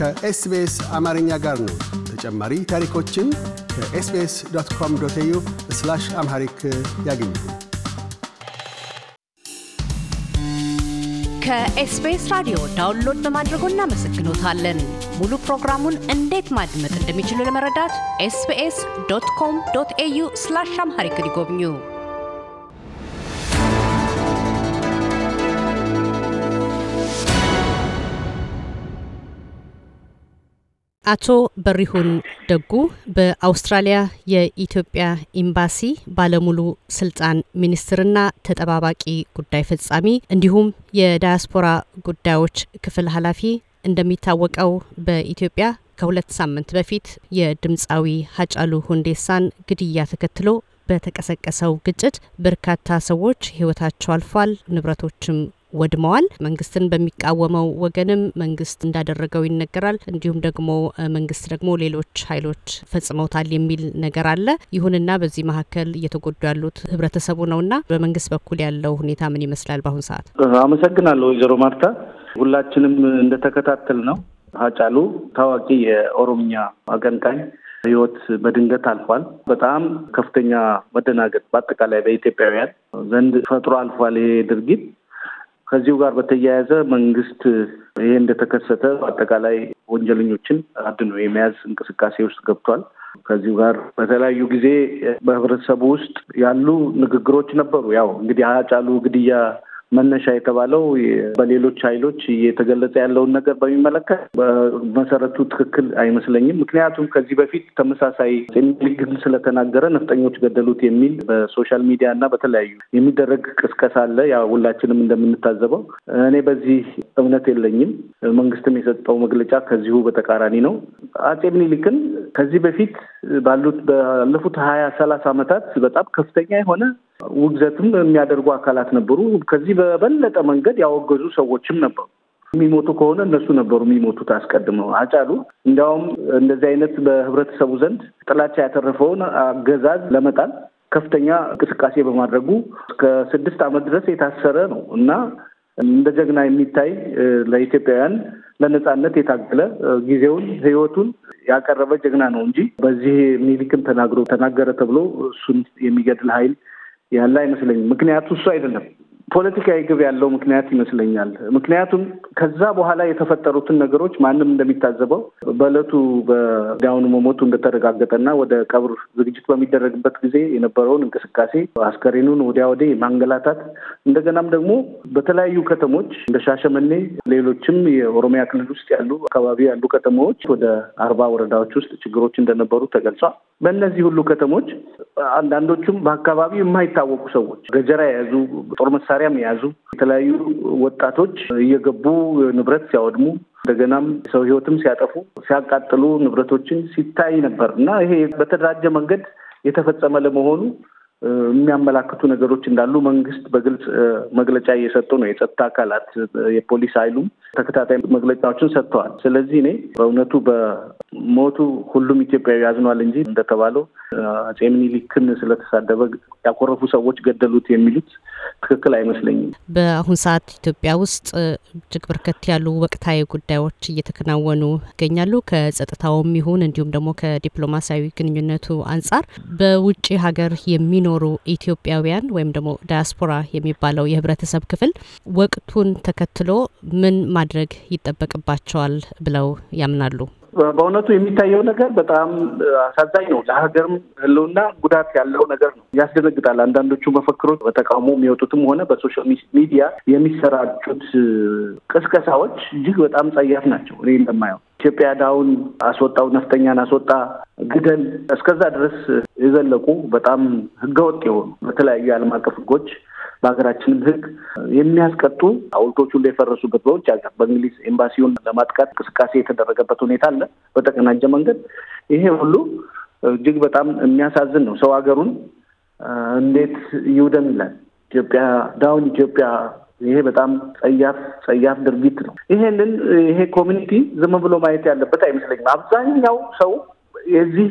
ከኤስቢኤስ አማርኛ ጋር ነው። ተጨማሪ ታሪኮችን ከኤስቢኤስ ዶት ኮም ዶት ዩ ስላሽ አምሃሪክ ያገኙ። ከኤስቢኤስ ራዲዮ ዳውንሎድ በማድረጎ እናመሰግኖታለን። ሙሉ ፕሮግራሙን እንዴት ማድመጥ እንደሚችሉ ለመረዳት ኤስቢኤስ ዶት ኮም ዶት ኤዩ ስላሽ አምሃሪክ ይጎብኙ። አቶ በሪሁን ደጉ በአውስትራሊያ የኢትዮጵያ ኤምባሲ ባለሙሉ ስልጣን ሚኒስትርና ተጠባባቂ ጉዳይ ፈጻሚ እንዲሁም የዳያስፖራ ጉዳዮች ክፍል ኃላፊ፣ እንደሚታወቀው በኢትዮጵያ ከሁለት ሳምንት በፊት የድምፃዊ ሀጫሉ ሁንዴሳን ግድያ ተከትሎ በተቀሰቀሰው ግጭት በርካታ ሰዎች ህይወታቸው አልፏል፣ ንብረቶችም ወድመዋል። መንግስትን በሚቃወመው ወገንም መንግስት እንዳደረገው ይነገራል። እንዲሁም ደግሞ መንግስት ደግሞ ሌሎች ኃይሎች ፈጽመውታል የሚል ነገር አለ። ይሁንና በዚህ መካከል እየተጎዱ ያሉት ህብረተሰቡ ነውና በመንግስት በኩል ያለው ሁኔታ ምን ይመስላል? በአሁኑ ሰዓት አመሰግናለሁ ወይዘሮ ማርታ። ሁላችንም እንደተከታተል ነው ሀጫሉ ታዋቂ የኦሮምኛ አቀንቃኝ ህይወት በድንገት አልፏል። በጣም ከፍተኛ መደናገጥ በአጠቃላይ በኢትዮጵያውያን ዘንድ ፈጥሮ አልፏል ይሄ ድርጊት ከዚሁ ጋር በተያያዘ መንግስት ይሄ እንደተከሰተ አጠቃላይ ወንጀለኞችን አድኖ የመያዝ እንቅስቃሴ ውስጥ ገብቷል። ከዚሁ ጋር በተለያዩ ጊዜ በህብረተሰቡ ውስጥ ያሉ ንግግሮች ነበሩ። ያው እንግዲህ አጫሉ ግድያ መነሻ የተባለው በሌሎች ኃይሎች እየተገለጸ ያለውን ነገር በሚመለከት በመሰረቱ ትክክል አይመስለኝም። ምክንያቱም ከዚህ በፊት ተመሳሳይ ሚሊግን ስለተናገረ ነፍጠኞች ገደሉት የሚል በሶሻል ሚዲያ እና በተለያዩ የሚደረግ ቅስቀሳ አለ። ያ ሁላችንም እንደምንታዘበው እኔ በዚህ እምነት የለኝም። መንግስትም የሰጠው መግለጫ ከዚሁ በተቃራኒ ነው። አጼ ምኒልክን ከዚህ በፊት ባሉት ባለፉት ሀያ ሰላሳ አመታት በጣም ከፍተኛ የሆነ ውግዘትም የሚያደርጉ አካላት ነበሩ። ከዚህ በበለጠ መንገድ ያወገዙ ሰዎችም ነበሩ። የሚሞቱ ከሆነ እነሱ ነበሩ የሚሞቱት አስቀድመው። አጫሉ እንዲያውም እንደዚህ አይነት በህብረተሰቡ ዘንድ ጥላቻ ያተረፈውን አገዛዝ ለመጣል ከፍተኛ እንቅስቃሴ በማድረጉ እስከ ስድስት አመት ድረስ የታሰረ ነው እና እንደ ጀግና የሚታይ ለኢትዮጵያውያን ለነጻነት የታገለ ጊዜውን ህይወቱን ያቀረበ ጀግና ነው እንጂ በዚህ ሚኒሊክን ተናግሮ ተናገረ ተብሎ እሱን የሚገድል ኃይል ያለ አይመስለኝም። ምክንያቱ እሱ አይደለም። ፖለቲካዊ ግብ ያለው ምክንያት ይመስለኛል። ምክንያቱም ከዛ በኋላ የተፈጠሩትን ነገሮች ማንም እንደሚታዘበው በእለቱ በዳውኑ መሞቱ እንደተረጋገጠና ወደ ቀብር ዝግጅት በሚደረግበት ጊዜ የነበረውን እንቅስቃሴ አስከሬኑን ወዲያ ወዲህ ማንገላታት፣ እንደገናም ደግሞ በተለያዩ ከተሞች እንደ ሻሸመኔ፣ ሌሎችም የኦሮሚያ ክልል ውስጥ ያሉ አካባቢ ያሉ ከተማዎች ወደ አርባ ወረዳዎች ውስጥ ችግሮች እንደነበሩ ተገልጿል። በእነዚህ ሁሉ ከተሞች አንዳንዶቹም በአካባቢው የማይታወቁ ሰዎች ገጀራ የያዙ ጦር መሳሪያ መሳሪያም የያዙ የተለያዩ ወጣቶች እየገቡ ንብረት ሲያወድሙ እንደገናም የሰው ህይወትም ሲያጠፉ ሲያቃጥሉ ንብረቶችን ሲታይ ነበር እና ይሄ በተደራጀ መንገድ የተፈጸመ ለመሆኑ የሚያመላክቱ ነገሮች እንዳሉ መንግስት በግልጽ መግለጫ እየሰጡ ነው። የጸጥታ አካላት የፖሊስ ኃይሉም ተከታታይ መግለጫዎችን ሰጥተዋል። ስለዚህ እኔ በእውነቱ ሞቱ ሁሉም ኢትዮጵያዊ ያዝኗል እንጂ እንደተባለው አጼ ምኒልክን ስለተሳደበ ያኮረፉ ሰዎች ገደሉት የሚሉት ትክክል አይመስለኝም። በአሁን ሰዓት ኢትዮጵያ ውስጥ እጅግ በርከት ያሉ ወቅታዊ ጉዳዮች እየተከናወኑ ይገኛሉ። ከጸጥታውም ይሁን እንዲሁም ደግሞ ከዲፕሎማሲያዊ ግንኙነቱ አንጻር በውጭ ሀገር የሚኖሩ ኢትዮጵያውያን ወይም ደግሞ ዳያስፖራ የሚባለው የህብረተሰብ ክፍል ወቅቱን ተከትሎ ምን ማድረግ ይጠበቅባቸዋል ብለው ያምናሉ? በእውነቱ የሚታየው ነገር በጣም አሳዛኝ ነው። ለሀገርም ሕልውና ጉዳት ያለው ነገር ነው። ያስደነግጣል። አንዳንዶቹ መፈክሮች በተቃውሞ የሚወጡትም ሆነ በሶሻል ሚዲያ የሚሰራጩት ቅስቀሳዎች እጅግ በጣም ጸያፍ ናቸው። እኔ እንደማየው ኢትዮጵያ ዳውን አስወጣው፣ ነፍጠኛን አስወጣ፣ ግደል እስከዛ ድረስ የዘለቁ በጣም ህገወጥ የሆኑ በተለያዩ የዓለም አቀፍ ህጎች በሀገራችንም ህግ የሚያስቀጡ ሐውልቶቹ እንደፈረሱበት በውጭ ሀገር በእንግሊዝ ኤምባሲውን ለማጥቃት እንቅስቃሴ የተደረገበት ሁኔታ አለ በተቀናጀ መንገድ። ይሄ ሁሉ እጅግ በጣም የሚያሳዝን ነው። ሰው ሀገሩን እንዴት ይውደም ይላል። ኢትዮጵያ ዳውን ኢትዮጵያ። ይሄ በጣም ጸያፍ ጸያፍ ድርጊት ነው። ይሄንን ይሄ ኮሚኒቲ ዝም ብሎ ማየት ያለበት አይመስለኝም። አብዛኛው ሰው የዚህ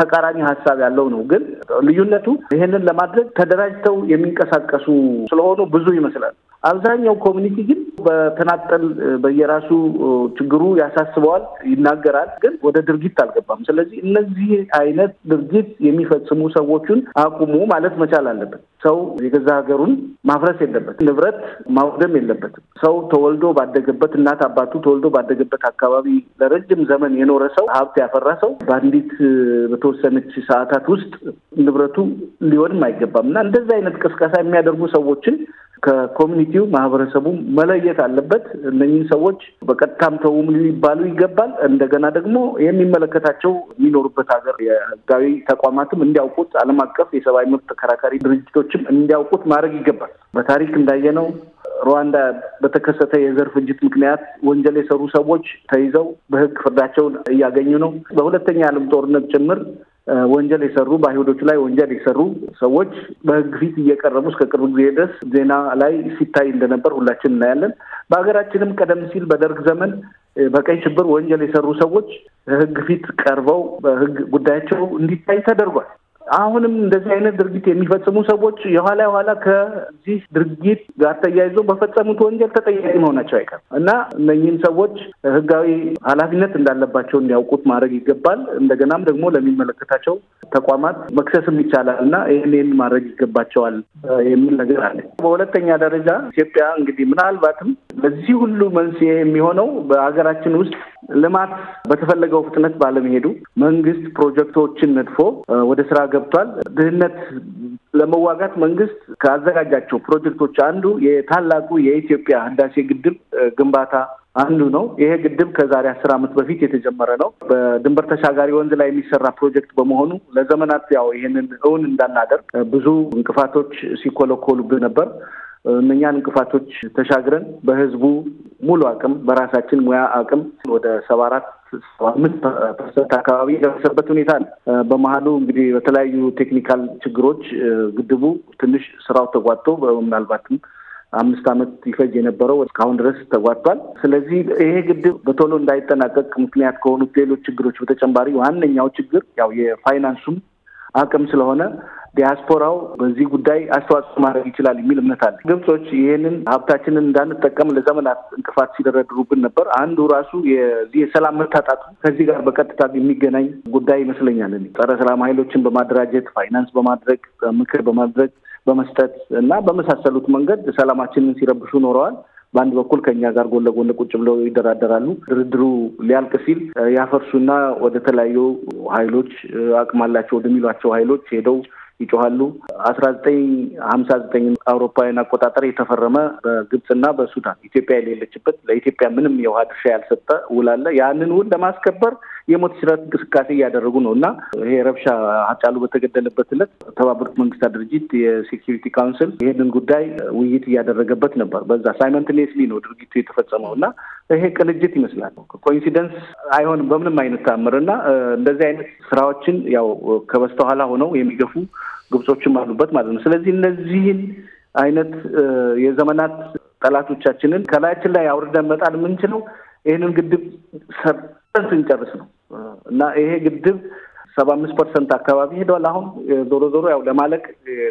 ተቃራኒ ሀሳብ ያለው ነው። ግን ልዩነቱ ይህንን ለማድረግ ተደራጅተው የሚንቀሳቀሱ ስለሆኑ ብዙ ይመስላል። አብዛኛው ኮሚኒቲ ግን በተናጠል በየራሱ ችግሩ ያሳስበዋል፣ ይናገራል፣ ግን ወደ ድርጊት አልገባም። ስለዚህ እነዚህ አይነት ድርጊት የሚፈጽሙ ሰዎችን አቁሙ ማለት መቻል አለበት። ሰው የገዛ ሀገሩን ማፍረስ የለበትም፣ ንብረት ማውደም የለበትም። ሰው ተወልዶ ባደገበት እናት አባቱ ተወልዶ ባደገበት አካባቢ ለረጅም ዘመን የኖረ ሰው ሀብት ያፈራ ሰው በአንዲት በተወሰነች ሰዓታት ውስጥ ንብረቱ ሊሆንም አይገባም እና እንደዚህ አይነት ቅስቀሳ የሚያደርጉ ሰዎችን ከኮሚኒቲው ማህበረሰቡ መለየት አለበት። እነኝህን ሰዎች በቀጥታም ተውም ሊባሉ ይገባል። እንደገና ደግሞ የሚመለከታቸው የሚኖሩበት ሀገር የህጋዊ ተቋማትም እንዲያውቁት፣ ዓለም አቀፍ የሰብአዊ መብት ተከራካሪ ድርጅቶችም እንዲያውቁት ማድረግ ይገባል። በታሪክ እንዳየነው ሩዋንዳ በተከሰተ የዘር ፍጅት ምክንያት ወንጀል የሰሩ ሰዎች ተይዘው በህግ ፍርዳቸውን እያገኙ ነው። በሁለተኛ የዓለም ጦርነት ጭምር ወንጀል የሰሩ በአይሁዶቹ ላይ ወንጀል የሰሩ ሰዎች በህግ ፊት እየቀረቡ እስከ ቅርብ ጊዜ ድረስ ዜና ላይ ሲታይ እንደነበር ሁላችን እናያለን። በሀገራችንም ቀደም ሲል በደርግ ዘመን በቀይ ሽብር ወንጀል የሰሩ ሰዎች ህግ ፊት ቀርበው በህግ ጉዳያቸው እንዲታይ ተደርጓል። አሁንም እንደዚህ አይነት ድርጊት የሚፈጽሙ ሰዎች የኋላ የኋላ ከዚህ ድርጊት ጋር ተያይዞ በፈጸሙት ወንጀል ተጠያቂ መሆናቸው አይቀርም እና እነኚህም ሰዎች ህጋዊ ኃላፊነት እንዳለባቸው እንዲያውቁት ማድረግ ይገባል። እንደገናም ደግሞ ለሚመለከታቸው ተቋማት መክሰስም ይቻላል እና ይህንን ማድረግ ይገባቸዋል የሚል ነገር አለ። በሁለተኛ ደረጃ ኢትዮጵያ እንግዲህ ምናልባትም ለዚህ ሁሉ መንስኤ የሚሆነው በሀገራችን ውስጥ ልማት በተፈለገው ፍጥነት ባለመሄዱ መንግስት ፕሮጀክቶችን ነድፎ ወደ ስራ ገብቷል። ድህነት ለመዋጋት መንግስት ካዘጋጃቸው ፕሮጀክቶች አንዱ የታላቁ የኢትዮጵያ ህዳሴ ግድብ ግንባታ አንዱ ነው። ይሄ ግድብ ከዛሬ አስር ዓመት በፊት የተጀመረ ነው። በድንበር ተሻጋሪ ወንዝ ላይ የሚሰራ ፕሮጀክት በመሆኑ ለዘመናት ያው ይህንን እውን እንዳናደርግ ብዙ እንቅፋቶች ሲኮለኮሉብን ነበር። እነኛን እንቅፋቶች ተሻግረን በህዝቡ ሙሉ አቅም በራሳችን ሙያ አቅም ወደ ሰባ አራት አምስት ፐርሰንት አካባቢ የደረሰበት ሁኔታ አለ። በመሀሉ እንግዲህ በተለያዩ ቴክኒካል ችግሮች ግድቡ ትንሽ ስራው ተጓቶ ምናልባትም አምስት ዓመት ይፈጅ የነበረው እስካሁን ድረስ ተጓቷል። ስለዚህ ይሄ ግድብ በቶሎ እንዳይጠናቀቅ ምክንያት ከሆኑት ሌሎች ችግሮች በተጨማሪ ዋነኛው ችግር ያው የፋይናንሱም አቅም ስለሆነ ዲያስፖራው በዚህ ጉዳይ አስተዋጽኦ ማድረግ ይችላል የሚል እምነት አለ። ግብጾች ይህንን ሀብታችንን እንዳንጠቀም ለዘመናት እንቅፋት ሲደረድሩብን ነበር። አንዱ ራሱ የዚህ የሰላም መታጣቱ ከዚህ ጋር በቀጥታ የሚገናኝ ጉዳይ ይመስለኛል። ጸረ ሰላም ኃይሎችን በማደራጀት ፋይናንስ በማድረግ ምክር በማድረግ በመስጠት እና በመሳሰሉት መንገድ ሰላማችንን ሲረብሹ ኖረዋል። በአንድ በኩል ከኛ ጋር ጎን ለጎን ቁጭ ብለው ይደራደራሉ። ድርድሩ ሊያልቅ ሲል ያፈርሱና ወደ ተለያዩ ኃይሎች አቅም አላቸው ወደሚሏቸው ኃይሎች ሄደው ይጮኋሉ። አስራ ዘጠኝ ሀምሳ ዘጠኝ አውሮፓውያን አቆጣጠር የተፈረመ በግብፅና በሱዳን ኢትዮጵያ የሌለችበት ለኢትዮጵያ ምንም የውሃ ድርሻ ያልሰጠ ውል አለ። ያንን ውል ለማስከበር የሞት ሽረት እንቅስቃሴ እያደረጉ ነው እና ይሄ ረብሻ አጫሉ በተገደለበት ዕለት ተባበሩት መንግስታት ድርጅት የሴኪሪቲ ካውንስል ይህንን ጉዳይ ውይይት እያደረገበት ነበር። በዛ ሳይመንትሌስሊ ነው ድርጊቱ የተፈጸመው እና ይሄ ቅንጅት ይመስላል። ኮኢንሲደንስ አይሆንም በምንም አይነት ታምር እና እንደዚህ አይነት ስራዎችን ያው ከበስተኋላ ሆነው የሚገፉ ግብጾችም አሉበት ማለት ነው። ስለዚህ እነዚህን አይነት የዘመናት ጠላቶቻችንን ከላያችን ላይ አውርደን መጣል የምንችለው ይህንን ግድብ ስንጨርስ ነው እና ይሄ ግድብ ሰባ አምስት ፐርሰንት አካባቢ ሄደዋል። አሁን ዞሮ ዞሮ ያው ለማለቅ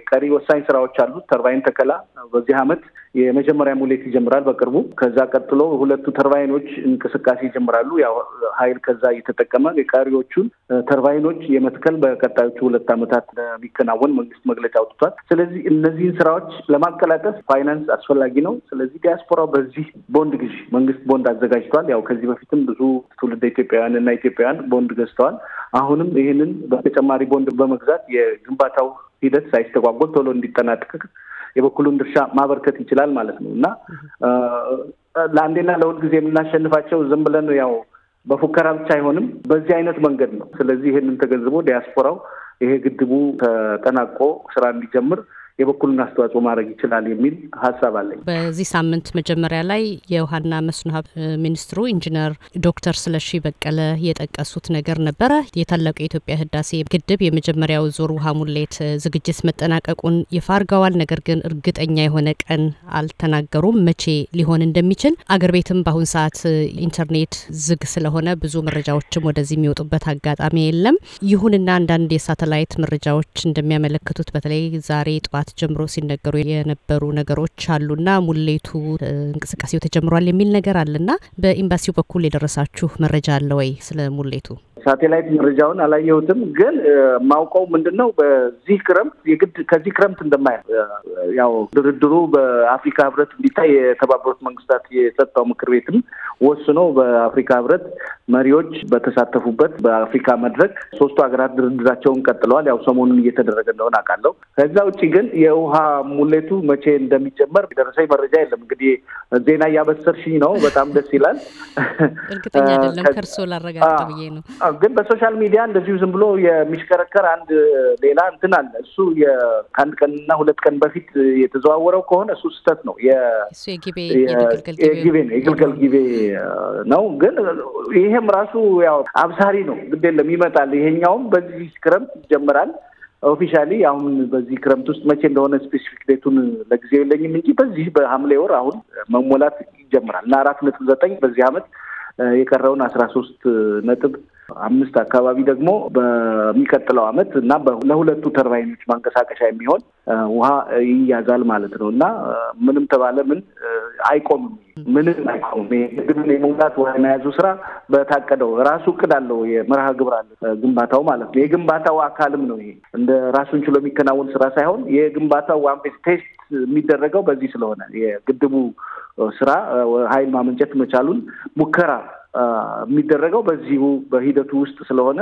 ቀሪ ወሳኝ ስራዎች አሉት። ተርባይን ተከላ በዚህ አመት የመጀመሪያ ሙሌት ይጀምራል በቅርቡ። ከዛ ቀጥሎ ሁለቱ ተርባይኖች እንቅስቃሴ ይጀምራሉ። ያው ኃይል ከዛ እየተጠቀመ የቀሪዎቹን ተርባይኖች የመትከል በቀጣዮቹ ሁለት ዓመታት እንደሚከናወን መንግስት መግለጫ አውጥቷል። ስለዚህ እነዚህን ስራዎች ለማቀላጠፍ ፋይናንስ አስፈላጊ ነው። ስለዚህ ዲያስፖራው በዚህ ቦንድ ግዢ መንግስት ቦንድ አዘጋጅቷል። ያው ከዚህ በፊትም ብዙ ትውልደ ኢትዮጵያውያን እና ኢትዮጵያውያን ቦንድ ገዝተዋል። አሁንም ይህንን በተጨማሪ ቦንድ በመግዛት የግንባታው ሂደት ሳይስተጓጎል ቶሎ እንዲጠናቀቅ የበኩሉን ድርሻ ማበርከት ይችላል ማለት ነው እና ለአንዴና ለሁል ጊዜ የምናሸንፋቸው ዝም ብለን ያው በፉከራ ብቻ አይሆንም። በዚህ አይነት መንገድ ነው። ስለዚህ ይህንን ተገንዝቦ ዲያስፖራው ይሄ ግድቡ ተጠናቆ ስራ እንዲጀምር የበኩሉን አስተዋጽኦ ማድረግ ይችላል የሚል ሀሳብ አለኝ። በዚህ ሳምንት መጀመሪያ ላይ የውሃና መስኖ ሀብት ሚኒስትሩ ኢንጂነር ዶክተር ስለሺ በቀለ የጠቀሱት ነገር ነበረ። የታላቁ የኢትዮጵያ ህዳሴ ግድብ የመጀመሪያው ዙር ውሃ ሙሌት ዝግጅት መጠናቀቁን ይፋ አድርገዋል። ነገር ግን እርግጠኛ የሆነ ቀን አልተናገሩም፣ መቼ ሊሆን እንደሚችል። አገር ቤትም በአሁን ሰዓት ኢንተርኔት ዝግ ስለሆነ ብዙ መረጃዎችም ወደዚህ የሚወጡበት አጋጣሚ የለም። ይሁንና አንዳንድ የሳተላይት መረጃዎች እንደሚያመለክቱት በተለይ ዛሬ ጠዋት ጀምሮ ሲነገሩ የነበሩ ነገሮች አሉና ሙሌቱ እንቅስቃሴው ተጀምሯል የሚል ነገር አለና በኤምባሲው በኩል የደረሳችሁ መረጃ አለ ወይ ስለ ሙሌቱ? ሳቴላይት መረጃውን አላየሁትም፣ ግን ማውቀው ምንድን ነው በዚህ ክረምት የግድ ከዚህ ክረምት እንደማያ ያው ድርድሩ በአፍሪካ ህብረት እንዲታይ የተባበሩት መንግስታት የጸጥታው ምክር ቤትም ወስኖ በአፍሪካ ህብረት መሪዎች በተሳተፉበት በአፍሪካ መድረክ ሶስቱ ሀገራት ድርድራቸውን ቀጥለዋል። ያው ሰሞኑን እየተደረገ እንደሆነ አውቃለሁ። ከዛ ውጭ ግን የውሃ ሙሌቱ መቼ እንደሚጀመር የደረሰኝ መረጃ የለም። እንግዲህ ዜና እያበሰርሽኝ ነው። በጣም ደስ ይላል። እርግጠኛ አይደለም ከእርሶ ላረጋግጥ ብዬ ነው። ግን በሶሻል ሚዲያ እንደዚሁ ዝም ብሎ የሚሽከረከር አንድ ሌላ እንትን አለ። እሱ ከአንድ ቀንና ሁለት ቀን በፊት የተዘዋወረው ከሆነ እሱ ስህተት ነው። የግቤ ነው የግልገል ጊቤ ነው። ግን ይሄም ራሱ ያው አብሳሪ ነው። ግድ የለም ይመጣል። ይሄኛውም በዚህ ክረምት ይጀምራል። ኦፊሻሊ አሁን በዚህ ክረምት ውስጥ መቼ እንደሆነ ስፔሲፊክ ዴቱን ለጊዜው የለኝም እንጂ በዚህ በሐምሌ ወር አሁን መሞላት ይጀምራል እና አራት ነጥብ ዘጠኝ በዚህ አመት የቀረውን አስራ ሶስት ነጥብ አምስት አካባቢ ደግሞ በሚቀጥለው አመት እና ለሁለቱ ተርባይኖች ማንቀሳቀሻ የሚሆን ውሃ ይያዛል ማለት ነው እና ምንም ተባለ ምን አይቆምም፣ ምንም አይቆምም። ግድብን የመሙላት ውሃ የመያዙ ስራ በታቀደው ራሱ እቅድ አለው፣ የመርሃ ግብር አለ ግንባታው ማለት ነው። የግንባታው አካልም ነው ይሄ እንደ ራሱን ችሎ የሚከናወን ስራ ሳይሆን የግንባታው ዋን ፌዝ ቴስት የሚደረገው በዚህ ስለሆነ የግድቡ ስራ ኃይል ማመንጨት መቻሉን ሙከራ የሚደረገው በዚሁ በሂደቱ ውስጥ ስለሆነ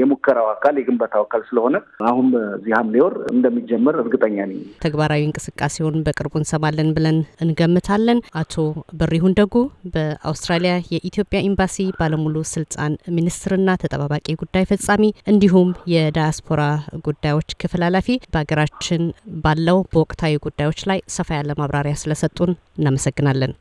የሙከራው አካል የግንባታው አካል ስለሆነ አሁን በዚህ ሐምሌ ወር እንደሚጀመር እርግጠኛ ነኝ። ተግባራዊ እንቅስቃሴውን በቅርቡ እንሰማለን ብለን እንገምታለን። አቶ በሪሁን ደጉ በአውስትራሊያ የኢትዮጵያ ኤምባሲ ባለሙሉ ስልጣን ሚኒስትርና ተጠባባቂ ጉዳይ ፈጻሚ እንዲሁም የዳያስፖራ ጉዳዮች ክፍል ኃላፊ በሀገራችን ባለው በወቅታዊ ጉዳዮች ላይ ሰፋ ያለ ማብራሪያ ስለሰጡን እናመሰግናለን።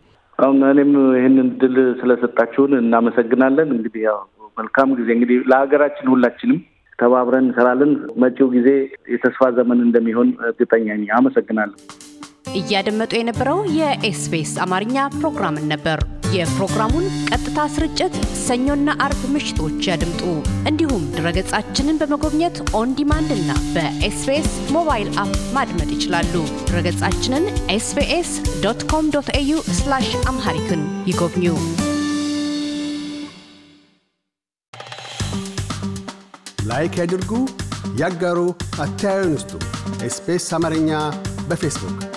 አሁን እኔም ይህንን ድል ስለሰጣችሁን እናመሰግናለን። እንግዲህ ያው መልካም ጊዜ እንግዲህ ለሀገራችን ሁላችንም ተባብረን እንሰራለን። መጪው ጊዜ የተስፋ ዘመን እንደሚሆን እርግጠኛ ነኝ። አመሰግናለሁ። እያደመጡ የነበረው የኤስቢኤስ አማርኛ ፕሮግራምን ነበር። የፕሮግራሙን ቀጥታ ስርጭት ሰኞና አርብ ምሽቶች ያድምጡ። እንዲሁም ድረገጻችንን በመጎብኘት ኦን ዲማንድ እና በኤስቤስ ሞባይል አፕ ማድመጥ ይችላሉ። ድረገጻችንን ኤስቤስ ዶት ኮም ዶት ኤዩ አምሃሪክን ይጎብኙ። ላይክ ያድርጉ፣ ያጋሩ፣ አስተያየትዎን ይስጡ። ኤስቤስ አማርኛ በፌስቡክ